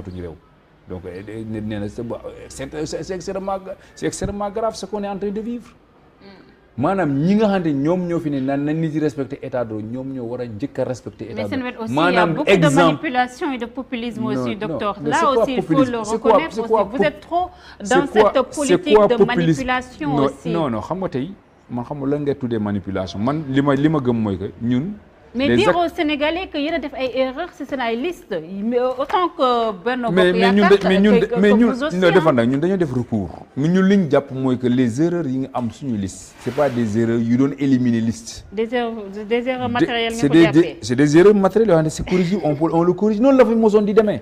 amatuñu réew donc eh, eh, nit nee na c'est c'est extrêmement de vivre mm. maanaam ñi nga xam ne ñoom ñoo fi ne naan nañ nit yi respecté état de ñoom ñoo war a njëkk a respecté état de maanaam exemple a de manipulation et de populisme aussi docteur là aussi il faut le reconnaître aussi vous êtes trop dans cette politique de manipulation aussi non non nga tey man xam nga lan nga tuddee manipulation man li ma li ñun mais dire aux Sénégalais que yéen a def ay erreurs ci seen ay liste autant que benn bopp yaakaar mais ñun mais ñun ñun defal nag ñun dañoo def recours mais ñun li ñu jàpp mooy que les erreurs yi ngi am suñu liste c'est pas des erreurs yu doon éliminer liste des erreurs des erreurs matérielles nga c'est des erreurs matérielles yoo xam ne c'est on peut on le corrige noonu la fa di deme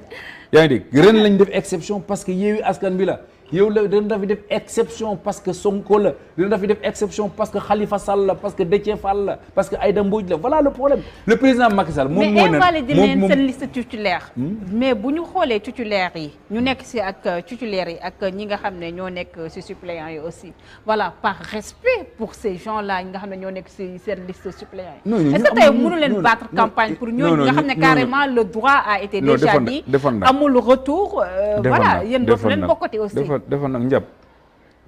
yaa ngi dégg ren lañu def exception parce que Yewwi Askan Wi la yow la dina dafi def exception parce que Sonko la dina dafi def exception parce que Khalifa Sall la parce que Déthié Fall parce que Aïda Mbodj la voilà le problème le président Macky moom moo ne mais leen seen liste titulaire. Hmm? mais bu ñu xoolee titulaire yi. ñu nekk si ak euh, titulaire yi ak ñi nga xam ne ñoo nekk si suppléants yi aussi voilà par respect pour ces gens là ñi nga xam ne ñoo nekk si seen liste suppléants yi. est-ce que tey mënu leen battre campagne pour ñooñu nga xam ne carrément defa defoon nag njab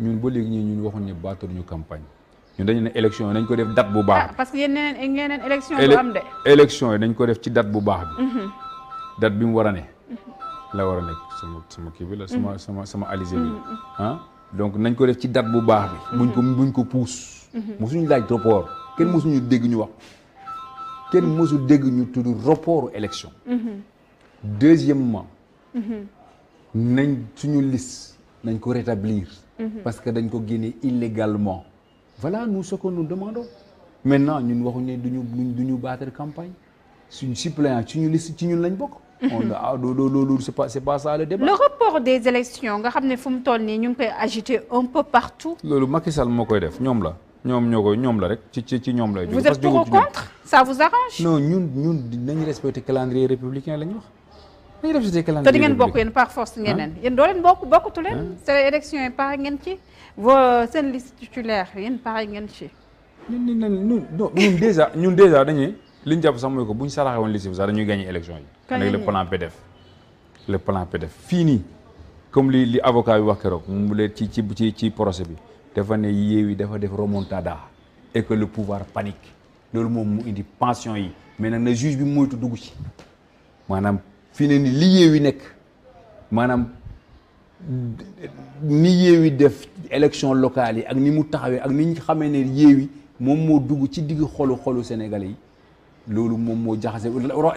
ñun ba léegi ñu ñun waxuñu ne baatul ñu campagne ñu dañu ne élection yi ko def date bu baax. Ah, parce que yéen neeneen yi nañ ko def ci date bu baax bi. Mhm. date bi mu war a ne. Mhm. la war a nekk sama sama kii bi la sama mhm. sama sama alizé bi ah, donc nañ ko def ci dat bu baax bi. muñ ko buñ ko puus. mosuñu laaj rapport kenn suñu dégg ñu wax kenn mosu dégg ñu tudd rapportu élection. deuxièmement nañ suñu liste. nañ ko rétablir mhm. parce que dañ ko génne illégalement voilà nous ce que nous demandons maintenant ñun waxuñu ne duñu ñu battre campagne suñ suppléant ci ñu liste ci ñun lañ bokk mhm. on a ah, loolu c'est pas c'est pas ça le débat. le report des élections nga xam ne fu mu toll nii ñu koy agiter un peu partout. loolu Macky Sall moo koy def ñoom la ñoom ñoo koy ñoom la rek ci ci ci ñoom la parce que vous êtes pour ou contre ça vous arrange. non ñun ñun nañu respecter calendrier républicain la ñu wax. dañuy def société calendrier te di ngeen bokk yéen par force ngeeneen ah. yéen doo leen bokk bokkatu ah. seen yi ngeen ci vo seen liste titulaire yéen pare ngeen ci ñun ñun dèjà ñun dèjà dañuy li ñu jàpp sax ko bu ñu saraxe woon liste bi sax dañuy gagné élection yi avec le plan PDF le plan PDF fii nii comme li li avocat yi wax keroog mu leen ci ci ci ci procès bi dafa yi Yewwi dafa def remontada et que le pouvoir panique loolu moom mu indi pension yi me nag na juge bi moytu dugg ci maanaam fii ne ni li Yewwi nekk maanaam ni yi def élection locale yi ak ni mu taxawee ak ni ñu xamee ne yi moom moo dugg ci digg xolu xolu sénégal yi loolu moom moo jaxase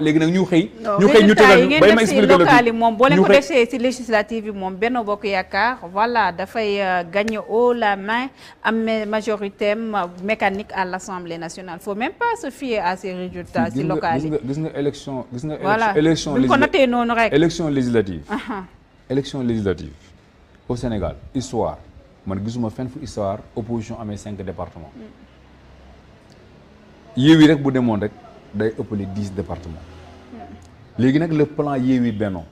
léegi nag ñu xëy. ñu xëy ñu tëral bay ma expliqué yi moom boo leen ko defee si législative bi moom benn bokk yaakaar voilà dafay euh, gagné haut la main am majorité euh, mécanique à l' assemblée nationale faut même pas se fier à ces résultats. si local yi gis nga élection gis nga. voilà buñ ko notee noonu rek élection législative. élection législative au Sénégal histoire man gisuma fenn fu histoire opposition amee cinq départements. Mm. yiw yi rek bu demoon rek. day ëppale dix départements léegi nag le plan Yewwi Benno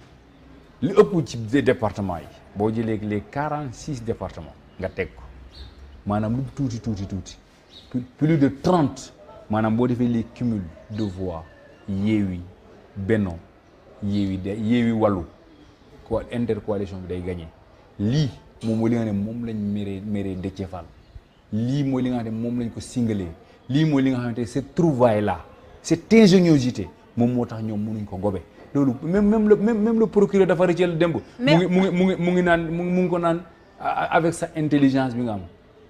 li ëpp ci départements yi boo jëlee les quarante six départements nga teg ko maanaam lu tuuti tuuti tuuti plus de trente maanaam boo defee les cumuls de voix Yewwi Benno Yewwi de Yewwi Wallu ko intercoalition bi day gagné lii moom mooy li nga xam ne moom lañ méree méree Déthié Fall lii mooy li nga xam ne moom lañ ko singalee lii mooy li nga xamante cette trouvaille là cette ingéniosité moom moo tax ñoom mënuñ ko gobe loolu même même la même même le procureur dafa rëccal démb. mu ngi mu ngi mu ngi mu ngi naan mu ngi ko naan avec sa intelligence bi nga am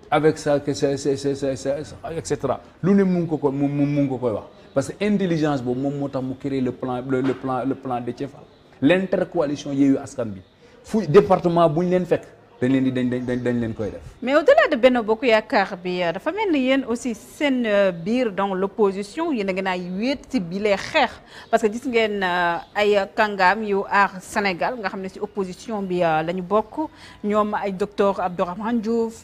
avec sa sa sa sa et cetera lu ne mu ngi ko ko mu ngi ko koy wax parce que intelligence boobu moom moo tax mu créer le plan le plan le plan de Thiéfal l'intercoalition Yewwi Askan bi fu département bu ñu leen fekk. dañ leen di dañ dañ dañ leen koy def. mais au-delà de Benno Bokk Yaakaar bi euh, dafa mel ni yéen aussi seen euh, biir dans l'opposition yéen a ngi naay wéet ci bilee xeex parce que gis ngeen euh, ay kàngaam yow aar Sénégal nga xam ne si opposition bi la bokk ñoom ay doctor docteur Abdourahmane Diouf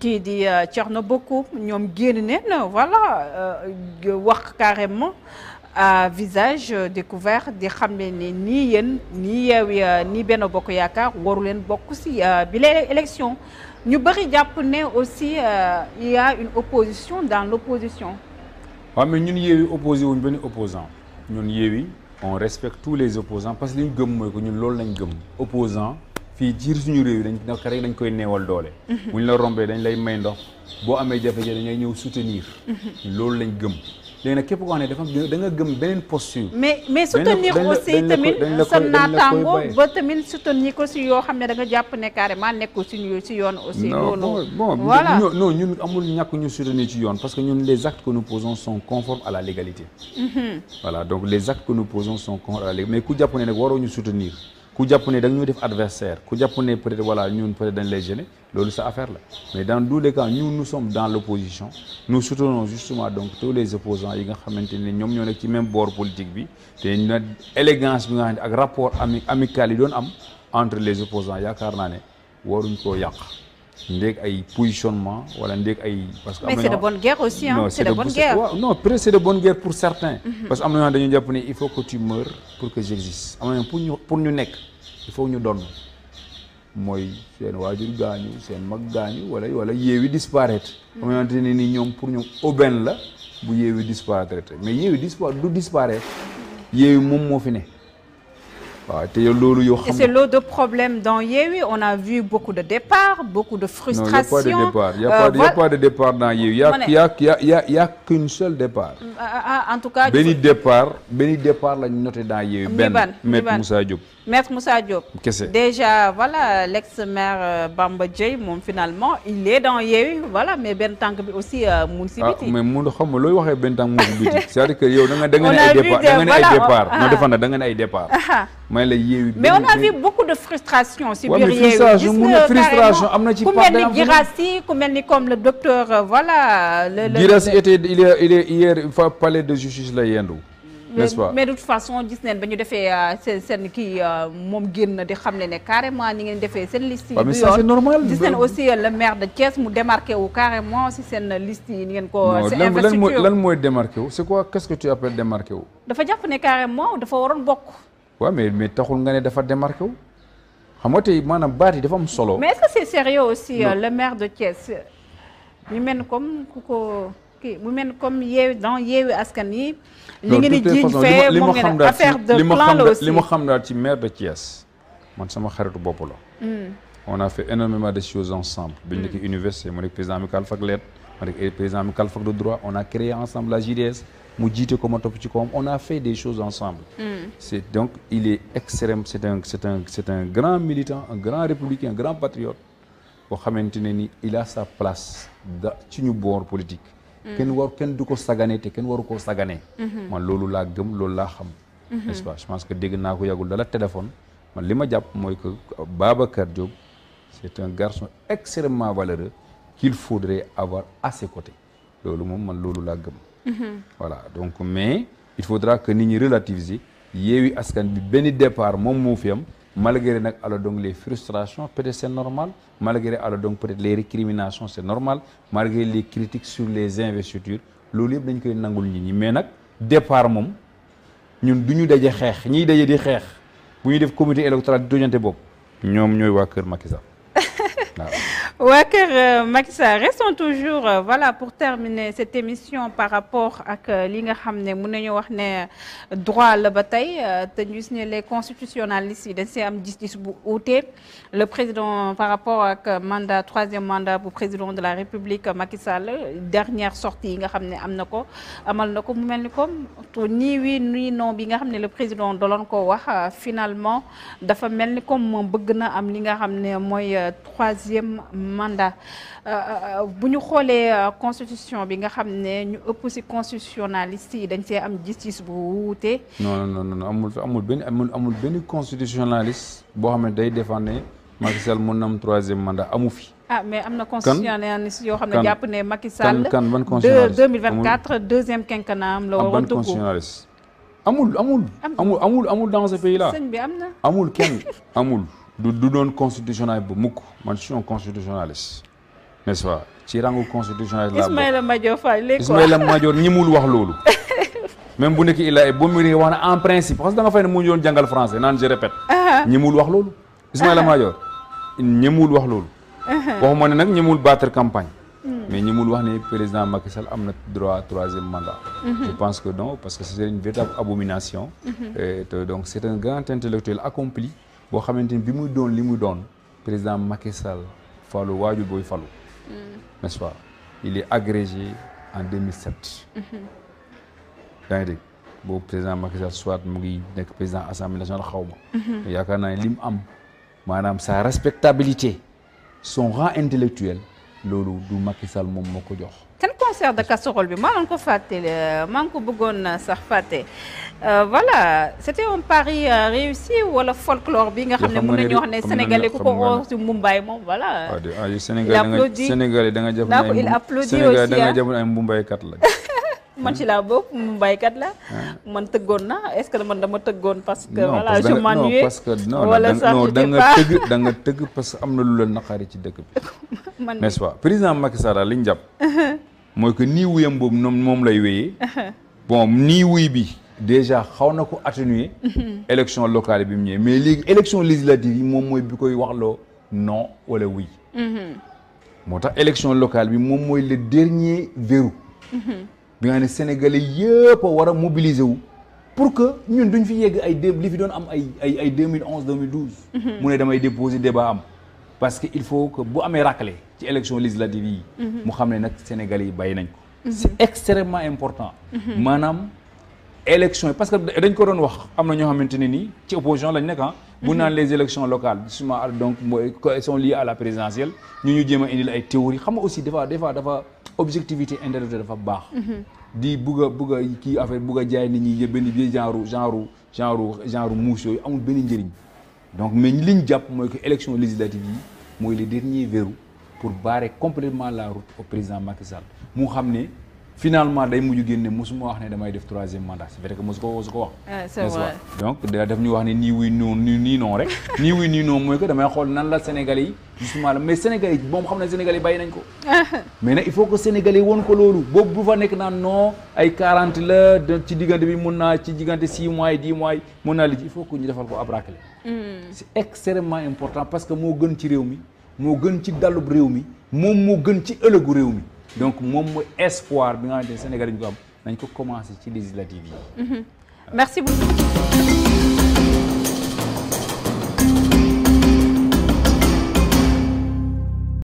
kii di Thierno bokk ñoom génn neen voilà wax carrément. à visage découvert di xam ne ni nii yéen nii Yewwi nii Benno Bokk Yaakaar waru leen bokk si euh, bi les élections ñu bëri jàpp ne aussi euh, il y a une opposition dans l'opposition waaw mais ñun Yewwi opposé wuñ benn opposant ñun Yewwi on respecte tous les opposants parce que li ñu gëm mooy ko ñun loolu lañ gëm opposant fii jiir suñu réew yi dañ rek dañ koy neewal doole mhm. bu ñu la rombee dañ lay may ndox boo amee jafe-jafe dañ lay ñëw soutenir mhm. loolu lañ gëm léegi nag képp koo xam ne dafa da nga gëm beneen posture. mais mais soutenir aussi tamit sa naataango ba tamit soutenir ko si yoo xam ne da jàpp ne carrément nekkul si si yoon aussi. loolu voilà non non ñun amul ñàkk ñu soutenir ci yoon parce que ñun les actes que nous posons sont conformes à la légalité. Mm-hmm. voilà donc les actes que nous posons sont conformes à la légalité mais ku jàpp ne nag waroo ñu soutenir. ku jàpp ne da nga def adversaire ku jàpp ne peut-être voilà ñun peut-être dañ lay gêner loolu sa affaire la mais dans tous les cas ñun nous sommes dans l'opposition nous soutenons justement donc tous les opposants yi nga xamante ne ñoom ñoo nekk ci même bord politique bi te na élégance bi nga xam ne ak rapport ami amical yi doon am entre les opposants yaakaar naa ne waruñ koo yàq ndéeg ay positionnement wala ndéeg ay. parce que am na mais pour certains. Mhm. parce que am na ñoo dañu jàpp ne il faut que tu pour que j'existe am na pour ñu pour ñu nekk il faut ñu doon mooy seen waajur gaañu seen mag gaañu wala wala yeewi disparaître. am na ñoo ne ni ñoom pour ñu aubaine la bu yeewi disparaître mais yeewi disparaître du disparaître yeewi moom moo fi ne. waaw te loolu yoo xam loo lot de problèmes dans Yewwi on a vu beaucoup de départs beaucoup de frustration non y a pas de départ il y a euh, pas de, y a dans Yewwi y a y a y a y a y a qu'une seule départ. Mm, ah, ah, ah, en tout cas benn départ benn départ lañ noté dans Yewwi. benn Me Moussa Diop. Maître Moussa Diop. Qu'est-ce déjà voilà l'ex-maire euh, Bamba Dièye moom finalement il est dans Yewwi voilà mais benn tànk bi aussi euh, mu ngi si ah, biti. ah mais mun xam nga looy waxee benn tànk si biti cest à que yow da nga da nga ne ay départ da nga ne ay départ non ah. defoon na da nga ne ay départ. Ah, may mais on a vu beaucoup de frustration. si biir Yewwi gis frustration am na ci. part ku mel ni Girassi ku mel ni comme le docteur euh, voilà. le le Girassi de justice la yendu. n'est-ce pas mais de toute façon gis neen ba ñu defee euh, seen kii euh, moom génn di xam ne ne carrément ngeen defee seen liste yi du yoon gis euh, de Thiès mu démarqué wu carrément si seen liste yi ni ngeen ko seen investiture lan mooy démarqué wu c'est quoi qu'est-ce que tu appelles démarqué wu dafa jàpp ne carrément dafa waroon bokk waaw mais mais taxul nga ne dafa démarqué wu xam nga tey maanaam baat yi dafa am solo mais est-ce que c'est sérieux aussi le maire de Thiès ñu mel comme ku ko kii mu mel comme yeewi dans askan yi. li ngeen di jiiñ fee moom ngeen li ma xam daal ci maire de Thiès man sama xaritu bopp la. Mm. on a fait énormément de choses ensemble. bi ñu nekk mm. université mu nekk président amical fac lettres ma nekk président amical fac de droit on a créé ensemble la JDS mu jiite ko ma topp ci kawam on a fait des choses ensemble. Mm. c'est donc il est extrême c'est un c'est un c'est un grand militant un grand républicain un grand patriote boo xamante ne ni il a sa place da ci ñu boor politique. kenn kenn du ko sagane te kenn waru koo sagane mhm. man loolu laa gëm loolu laa xam mhm. n'est-ce pas je pense que dégg naa ko yàggul dala téléphone man li ma jàpp mooy que Babacar Diop c'est un garçon extrêmement valeureux qu'il faudrait avoir à ses côtés loolu moom man loolu laa gëm mhm. voilà donc mais il faudra que nit ñi relativiser Yewwi Askan bi benn départ moom moo fi malgré nag alors donc les frustrations peut-être c'est normal malgré alors donc peut-être les récriminations c'est normal malgré les critiques sur les investitures loolu yëpp dañu koy nangul nit ñi mais nag départ moom ñun du ñu daje xeex ñiy dajee di xeex bu ñuy def comité électoral di toñante boobu ñoom ñooy waa kër Macky Sall waa kër euh, Macky Sall restons toujours euh, voilà pour terminer cette émission par rapport ak euh, li nga xam ne mun nañu wax ne droit la ba tey te ñu gis ne les constitutionnalistes yi dañ see am gis-gis bu uute le président par rapport ak mandat troisième mandat bu président de la République Macky Sall dernière sortie yi nga xam ne am na ko amal na ko mu mel ni comme nii oui nii non bi nga xam ne le président doloon ko wax finalement dafa mel ni comme moom bëgg na am li nga xam ne mooy troisième mandat euh, euh, euh, bu ñu xoolee constitution bi nga xam ne ñu ëpp si constitutionnaliste yi dañ see am justice bu wutee non non non amul amul benn amul amul benn constitutionnaliste boo xam ne day défendre ne Macky Sall mën na am troisième mandat amu fi. ah mais am na constitutionnaliste yoo xam ne jàpp ne Macky Sall. kan kan ban constitutionnaliste 2024 deuxième quinquennat am la war a dugg amul amul. amul amul amul dans ce pays là. am na amul kenn amul. du du doon constitutionnel bu mukk man je suis un ci rangu constitutionnaliste laa Ismaïla Madior Fall léegi Ismaïla Madior ñimul wax loolu même bu nekk Ilaah bu mu wax na en principe parce que da nga fay ne mu ngi doon jàngal français naan je répète. Ah ah. ñimul wax loolu. Ismaïla ah Madior ñimul wax loolu. waxuma ne nag ñimul battre campagne. Hmm. mais ñimul wax ne président Macky Sall am na droit troisième mandat. Hmm. je pense que non parce que c'est une véritable abomination. Hmm. et donc c'est un grand intellectuel accompli. boo xamante ni bi mu doon li mu doon président Macky Sall falu waaju booy falu mm. n'est-ce pas il est agrégé en 2007 mm-hmm. yaa ngi dégg boo président Macky Sall soit mu ngi nekk président assemblée nationale xaw ma mm-hmm. yaakaar naa ne li mu am maanaam sa respectabilité son rang intellectuel loolu du Macky Sall moom moo ko jox. seen concert de casserole bi maa ngi ko fàtte maa ngi ko bëggoon sax fàtte euh, voilà c'était un pari euh, réussi wala folklore bi nga xam ne mën nañu wax ne sénégalais ku ko woo si Mumbai moom voilà. Ah, ah, il applaudit Sénégalais da nga jàpp ne ay Mumbai kat la. man ci laa bokk mu baykat la. Ah. man tëggoon na est-ce que man dama tëggoon parce que. voilà je m'ennuie parce que non da nga tëgg tëgg parce que am na lu la naqari ci dëkk bi. man n'est-ce président Macky Sall li ñu jàpp. mooy que nii wuyam boobu noonu moom lay wéyee. bon nii wuy bi. déjà xaw na ko atténuer. élection locale bi mu ñëwee mais léegi élection législative yi moom mooy bi koy waxloo non wala oui. Mm-hmm. moo tax élection locale bi moom mooy le dernier verrou. Mm-hmm. bi nga ne sénégalais yëpp a war a mobiliser wu pour que ñun duñ fi yegg ay dé li fi doon am ay ay ay 2011 2012. Mhm. mu ne damay déposer débat am. parce que il faut que bu amee raclé ci élection législative yi. Mhm. mu xam ne nag sénégalais yi nañ mhm. c'est extrêmement important. maanaam élection parce que dañ ko doon wax am na ñoo xamante ne nii ci opposition lañ nekk ah. bu naan les élections locales souvent donc mooy sont liées la présidentielle ñu ñu jéem a indil ay théories xam aussi des fois des objectivité intellectuelle dafa baax. Mhm. di bugg a bugg kii affaire bugg a jaay ni ñi benn bi genre genre genre genre muus yooyu amul benn njëriñ donc mais li ñu jàpp mooy que élection législative yi mooy le dernier verrou pour barrer complètement la route au président Macky mu xam ne. finalement day mujj génne mosuma wax ne damay def troisième mandat c'est vrai que mosu ko su ko wax. Ah, c'est vrai donc daf ñu wax ne nii wuy non nii non rek. nii wuy mooy que damay xool nan la Sénégalais yi justement la mais Sénégalais yi moom xam ne Sénégalais yi bàyyi nañ ko. mais nag il faut que Sénégalais woon ko loolu boobu bu fa nekk naan non ay 40 la ci diggante bi mun naa ci diggante 6 mois yi mois yi mun naa li ci il faut que ñu defal ko abraqué. Hmm. c'est extrêmement important parce que moo gën ci réew mi moo gën ci dalub réew mi moom moo gën ci ëllëgu réew mi. donc moom mooy espoir bi nga xamante ne Sénégal yi ñu ko am nañ ko commencé ci législative yi. Mhm. merci beaucoup.